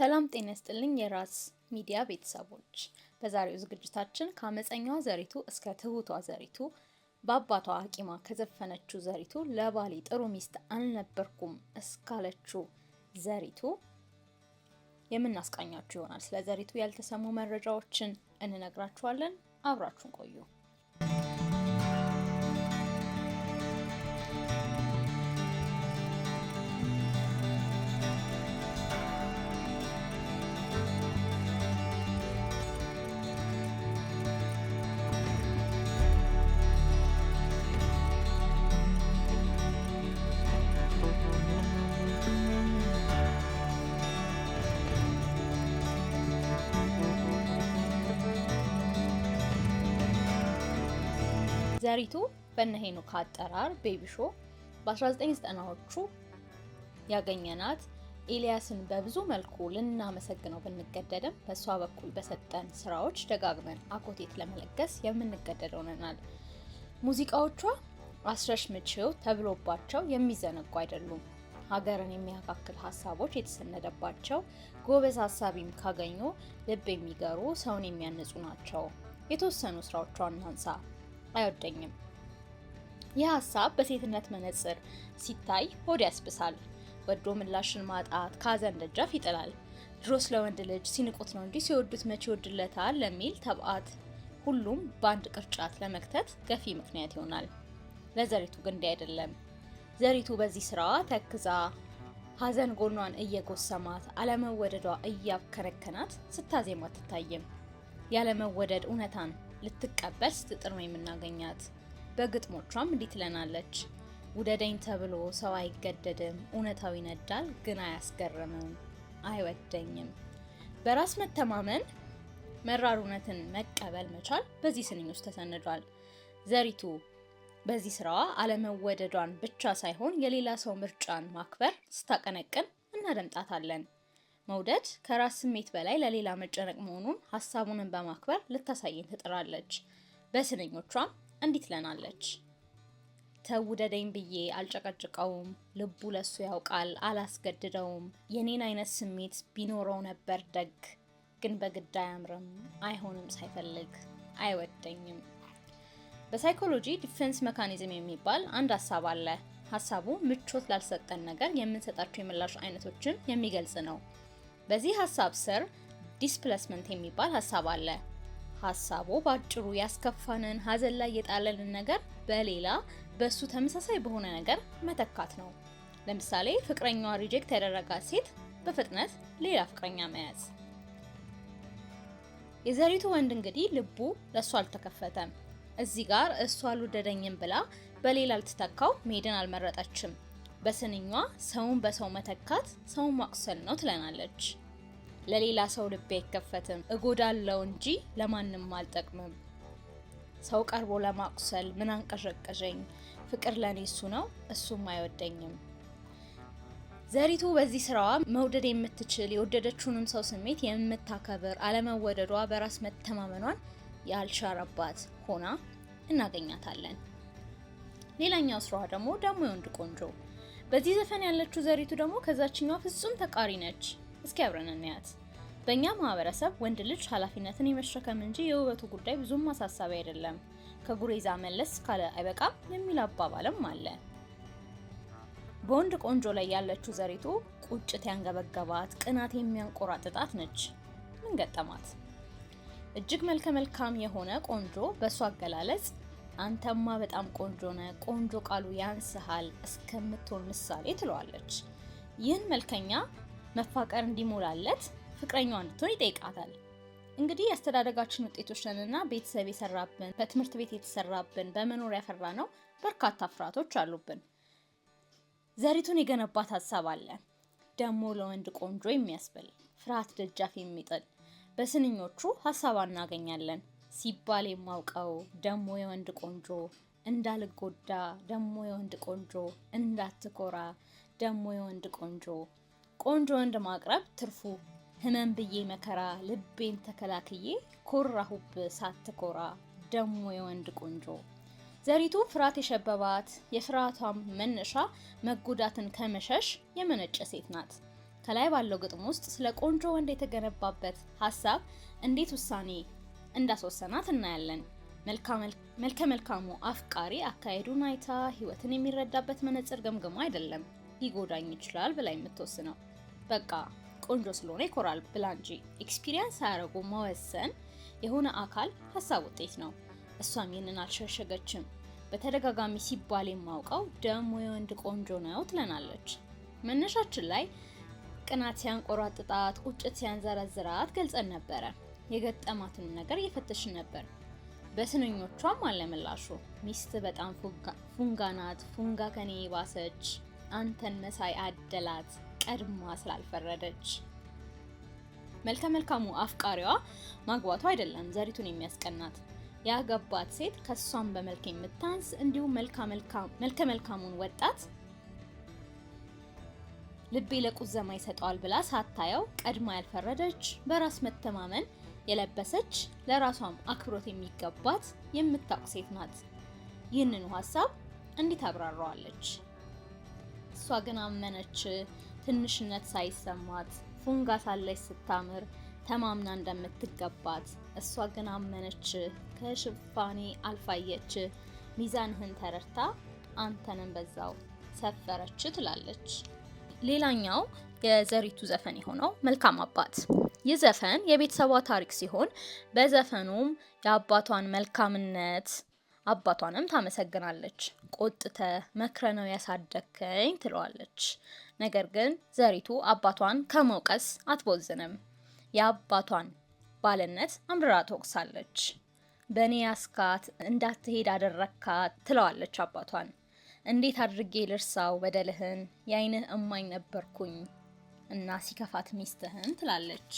ሰላም ጤና ስጥልኝ የራስ ሚዲያ ቤተሰቦች፣ በዛሬው ዝግጅታችን ከአመፀኛዋ ዘሪቱ እስከ ትሁቷ ዘሪቱ በአባቷ አቂማ ከዘፈነችው ዘሪቱ ለባሌ ጥሩ ሚስት አልነበርኩም እስካለችው ዘሪቱ የምናስቃኛችሁ ይሆናል። ስለ ዘሪቱ ያልተሰሙ መረጃዎችን እንነግራችኋለን። አብራችሁን ቆዩ። ዘሪቱ በነሄኖክ አጠራር ቤቢሾ በ1990ዎቹ ያገኘናት ኤልያስን በብዙ መልኩ ልናመሰግነው ብንገደድም በእሷ በኩል በሰጠን ስራዎች ደጋግመን አኮቴት ለመለገስ የምንገደድ ሆነናል። ሙዚቃዎቿ አስረሽ ምችው ተብሎባቸው የሚዘነጉ አይደሉም። ሀገርን የሚያካክል ሀሳቦች የተሰነደባቸው ጎበዝ ሀሳቢም ካገኙ ልብ የሚገሩ ሰውን የሚያንጹ ናቸው። የተወሰኑ ስራዎቿን እናንሳ። አይወደኝም። ይህ ሀሳብ በሴትነት መነጽር ሲታይ ሆድ ያስብሳል። ወዶ ምላሽን ማጣት ከሀዘን ደጃፍ ይጥላል። ድሮ ስለ ወንድ ልጅ ሲንቁት ነው እንጂ ሲወዱት መቼ ይወድለታል ለሚል ተብዓት ሁሉም በአንድ ቅርጫት ለመክተት ገፊ ምክንያት ይሆናል። ለዘሪቱ ግን እንዲህ አይደለም። ዘሪቱ በዚህ ስራዋ ተክዛ ሀዘን ጎኗን እየጎሰማት አለመወደዷ እያብከነከናት ስታዜማ አትታይም። ያለመወደድ እውነታን ልትቀበል ስትጥር ነው የምናገኛት። በግጥሞቿም እንዲህ ትለናለች። ውደደኝ ተብሎ ሰው አይገደድም፣ እውነታው ይነዳል ግን አያስገርምም፣ አይወደኝም። በራስ መተማመን መራር እውነትን መቀበል መቻል በዚህ ስንኝ ውስጥ ተሰንዷል። ዘሪቱ በዚህ ስራዋ አለመወደዷን ብቻ ሳይሆን የሌላ ሰው ምርጫን ማክበር ስታቀነቅን እናደምጣታለን። መውደድ ከራስ ስሜት በላይ ለሌላ መጨነቅ መሆኑን ሀሳቡንን በማክበር ልታሳየን ትጥራለች። በስንኞቿም እንዲት ለናለች ተውደደኝ ብዬ አልጨቀጭቀውም፣ ልቡ ለሱ ያውቃል፣ አላስገድደውም። የኔን አይነት ስሜት ቢኖረው ነበር ደግ፣ ግን በግድ አያምርም፣ አይሆንም፣ ሳይፈልግ አይወደኝም። በሳይኮሎጂ ዲፌንስ መካኒዝም የሚባል አንድ ሀሳብ አለ። ሀሳቡ ምቾት ላልሰጠን ነገር የምንሰጣቸው የምላሽ አይነቶችን የሚገልጽ ነው። በዚህ ሀሳብ ስር ዲስፕሌስመንት የሚባል ሀሳብ አለ። ሀሳቡ በአጭሩ ያስከፋንን ሀዘን ላይ የጣለንን ነገር በሌላ በሱ ተመሳሳይ በሆነ ነገር መተካት ነው። ለምሳሌ ፍቅረኛዋ ሪጀክት ያደረጋት ሴት በፍጥነት ሌላ ፍቅረኛ መያዝ። የዘሪቱ ወንድ እንግዲህ ልቡ ለእሱ አልተከፈተም። እዚህ ጋር እሱ አልወደደኝም ብላ በሌላ ልትተካው መሄድን አልመረጠችም። በስንኛ ሰውን በሰው መተካት ሰውን ማቁሰል ነው ትለናለች። ለሌላ ሰው ልቤ አይከፈትም፣ እጎዳለው እንጂ ለማንም አልጠቅምም። ሰው ቀርቦ ለማቁሰል ምን አንቀዠቀዠኝ፣ ፍቅር ለኔ እሱ ነው፣ እሱም አይወደኝም። ዘሪቱ በዚህ ስራዋ መውደድ የምትችል የወደደችውንም ሰው ስሜት የምታከብር አለመወደዷ በራስ መተማመኗን ያልሻረባት ሆና እናገኛታለን። ሌላኛው ስራዋ ደግሞ ደግሞ የወንድ ቆንጆ በዚህ ዘፈን ያለችው ዘሪቱ ደግሞ ከዛችኛው ፍጹም ተቃሪ ነች። እስኪ አብረን እናያት። በእኛ ማህበረሰብ ወንድ ልጅ ኃላፊነትን የመሸከም እንጂ የውበቱ ጉዳይ ብዙም ማሳሳቢ አይደለም። ከጉሬዛ መለስ ካለ አይበቃም የሚል አባባልም አለ። በወንድ ቆንጆ ላይ ያለችው ዘሪቱ ቁጭት ያንገበገባት ቅናት የሚያንቆራጥጣት ነች። ምን ገጠማት? እጅግ መልከ መልካም የሆነ ቆንጆ በእሱ አገላለጽ አንተማ በጣም ቆንጆ ነህ፣ ቆንጆ ቃሉ ያንስሃል እስከምትሆን ምሳሌ ትለዋለች። ይህን መልከኛ መፋቀር እንዲሞላለት ፍቅረኛዋ እንድትሆን ይጠይቃታል። እንግዲህ የአስተዳደጋችን ውጤቶች ነንና ቤተሰብ የሰራብን፣ በትምህርት ቤት የተሰራብን፣ በመኖር ያፈራ ነው በርካታ ፍርሃቶች አሉብን። ዘሪቱን የገነባት ሀሳብ አለ ደግሞ ለወንድ ቆንጆ የሚያስብል ፍርሃት ደጃፍ የሚጥል በስንኞቹ ሀሳብ እናገኛለን። ሲባል የማውቀው ደሞ የወንድ ቆንጆ እንዳልጎዳ ደሞ የወንድ ቆንጆ እንዳትኮራ ደሞ የወንድ ቆንጆ ቆንጆ ወንድ ማቅረብ ትርፉ ህመም ብዬ መከራ ልቤን ተከላክዬ ኮራሁብ ሳትኮራ ደሞ የወንድ ቆንጆ ዘሪቱ ፍርሃት የሸበባት የፍርሃቷም መነሻ መጎዳትን ከመሸሽ የመነጨ ሴት ናት። ከላይ ባለው ግጥም ውስጥ ስለ ቆንጆ ወንድ የተገነባበት ሀሳብ እንዴት ውሳኔ እንዳስወሰናት እናያለን። መልከ መልካሙ አፍቃሪ አካሄዱን አይታ ህይወትን የሚረዳበት መነጽር ገምግማ አይደለም ሊጎዳኝ ይችላል ብላ የምትወስነው በቃ ቆንጆ ስለሆነ ይኮራል ብላ እንጂ ኤክስፒሪየንስ አያደረጉ መወሰን የሆነ አካል ሀሳብ ውጤት ነው። እሷም ይህንን አልሸሸገችም። በተደጋጋሚ ሲባል የማውቀው ደሞ የወንድ ቆንጆ ነው ትለናለች። መነሻችን ላይ ቅናት ሲያንቆራጥጣት፣ ቁጭት ሲያንዘረዝራት ገልጸን ነበረ። የገጠማትን ነገር እየፈተሽ ነበር። በስንኞቿም አለምላሹ ሚስት በጣም ፉንጋ ናት፣ ፉንጋ ከኔ ባሰች፣ አንተን መሳይ አደላት ቀድማ ስላልፈረደች። መልከ መልካሙ አፍቃሪዋ ማግባቱ አይደለም ዘሪቱን የሚያስቀናት ያገባት ሴት ከሷን በመልክ የምታንስ እንዲሁም መልከ መልካሙን ወጣት ልቤ ለቁዘማ ይሰጠዋል ብላ ሳታየው ቀድማ ያልፈረደች በራስ መተማመን የለበሰች ለራሷም አክብሮት የሚገባት የምታውቅ ሴት ናት። ይህንኑ ሀሳብ እንዴት አብራራዋለች? እሷ ግን አመነች። ትንሽነት ሳይሰማት ፉንጋ ሳለች ስታምር ተማምና እንደምትገባት እሷ ግን አመነች። ከሽፋኔ አልፋየች። ሚዛንህን ተረድታ አንተንም በዛው ሰፈረች ትላለች። ሌላኛው የዘሪቱ ዘፈን የሆነው መልካም አባት ይህ ዘፈን የቤተሰቧ ታሪክ ሲሆን በዘፈኑም የአባቷን መልካምነት አባቷንም ታመሰግናለች። ቆጥተ መክረ ነው ያሳደከኝ ትለዋለች። ነገር ግን ዘሪቱ አባቷን ከመውቀስ አትቦዝንም። የአባቷን ባልነት አምርራ ትወቅሳለች። በእኔ ያስካት እንዳትሄድ አደረግካት ትለዋለች አባቷን። እንዴት አድርጌ ልርሳው በደልህን፣ የአይንህ እማኝ ነበርኩኝ እና ሲከፋት ሚስትህን ትላለች።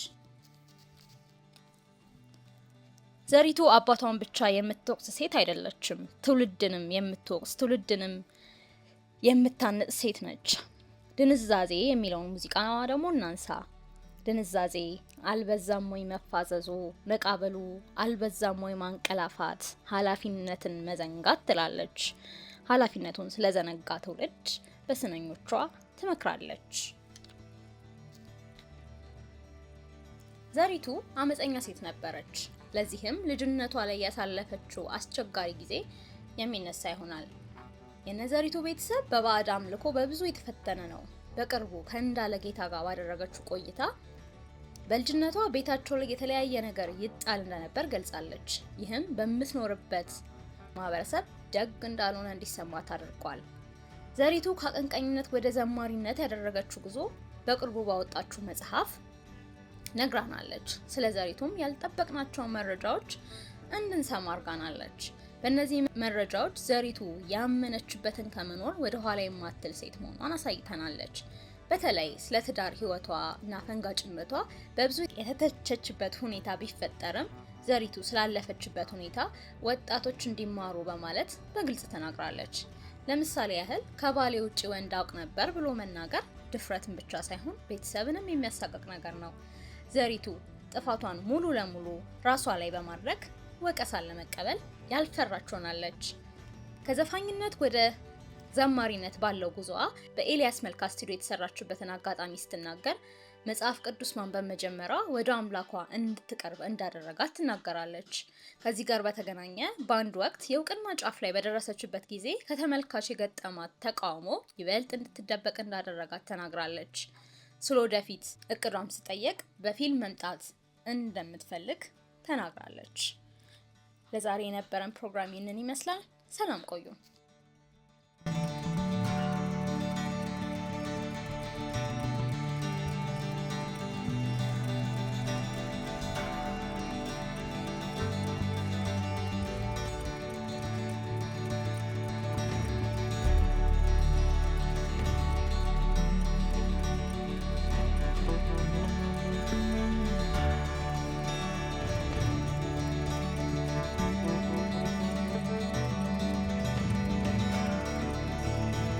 ዘሪቱ አባቷን ብቻ የምትወቅስ ሴት አይደለችም። ትውልድንም የምትወቅስ ትውልድንም የምታንጽ ሴት ነች። ድንዛዜ የሚለውን ሙዚቃ ደግሞ እናንሳ። ድንዛዜ አልበዛም ወይ መፋዘዙ፣ መቃበሉ አልበዛም ወይ ማንቀላፋት፣ ኃላፊነትን መዘንጋት ትላለች። ኃላፊነቱን ስለዘነጋ ትውልድ በስነኞቿ ትመክራለች። ዘሪቱ አመፀኛ ሴት ነበረች። ለዚህም ልጅነቷ ላይ ያሳለፈችው አስቸጋሪ ጊዜ የሚነሳ ይሆናል። የነዘሪቱ ቤተሰብ በባዕድ አምልኮ በብዙ የተፈተነ ነው። በቅርቡ ከእንዳለ ጌታ ጋር ባደረገችው ቆይታ በልጅነቷ ቤታቸው ላይ የተለያየ ነገር ይጣል እንደነበር ገልጻለች። ይህም በምትኖርበት ማህበረሰብ ደግ እንዳልሆነ እንዲሰማት አድርጓል። ዘሪቱ ከአቀንቃኝነት ወደ ዘማሪነት ያደረገችው ጉዞ በቅርቡ ባወጣችው መጽሐፍ ነግራናለች። ስለ ዘሪቱም ያልጠበቅናቸው መረጃዎች እንድንሰማ አድርጋናለች። በእነዚህ መረጃዎች ዘሪቱ ያመነችበትን ከመኖር ወደ ኋላ የማትል ሴት መሆኗን አሳይተናለች። በተለይ ስለ ትዳር ህይወቷ እና ፈንጋጭነቷ በብዙ የተተቸችበት ሁኔታ ቢፈጠርም ዘሪቱ ስላለፈችበት ሁኔታ ወጣቶች እንዲማሩ በማለት በግልጽ ተናግራለች። ለምሳሌ ያህል ከባሌ ውጪ ወንድ አውቅ ነበር ብሎ መናገር ድፍረትን ብቻ ሳይሆን ቤተሰብንም የሚያሳቅቅ ነገር ነው። ዘሪቱ ጥፋቷን ሙሉ ለሙሉ ራሷ ላይ በማድረግ ወቀሳን ለመቀበል ያልፈራች ሆናለች። ከዘፋኝነት ወደ ዘማሪነት ባለው ጉዞዋ በኤልያስ መልካ ስቱዲዮ የተሰራችበትን አጋጣሚ ስትናገር መጽሐፍ ቅዱስ ማንበብ ወደ አምላኳ እንድትቀርብ እንዳደረጋት ትናገራለች። ከዚህ ጋር በተገናኘ በአንድ ወቅት የእውቅና ጫፍ ላይ በደረሰችበት ጊዜ ከተመልካች የገጠማት ተቃውሞ ይበልጥ እንድትደበቅ እንዳደረጋት ተናግራለች። ስለ ወደፊት እቅዷም ስጠየቅ በፊልም መምጣት እንደምትፈልግ ተናግራለች። ለዛሬ የነበረን ፕሮግራም ይህንን ይመስላል። ሰላም ቆዩ።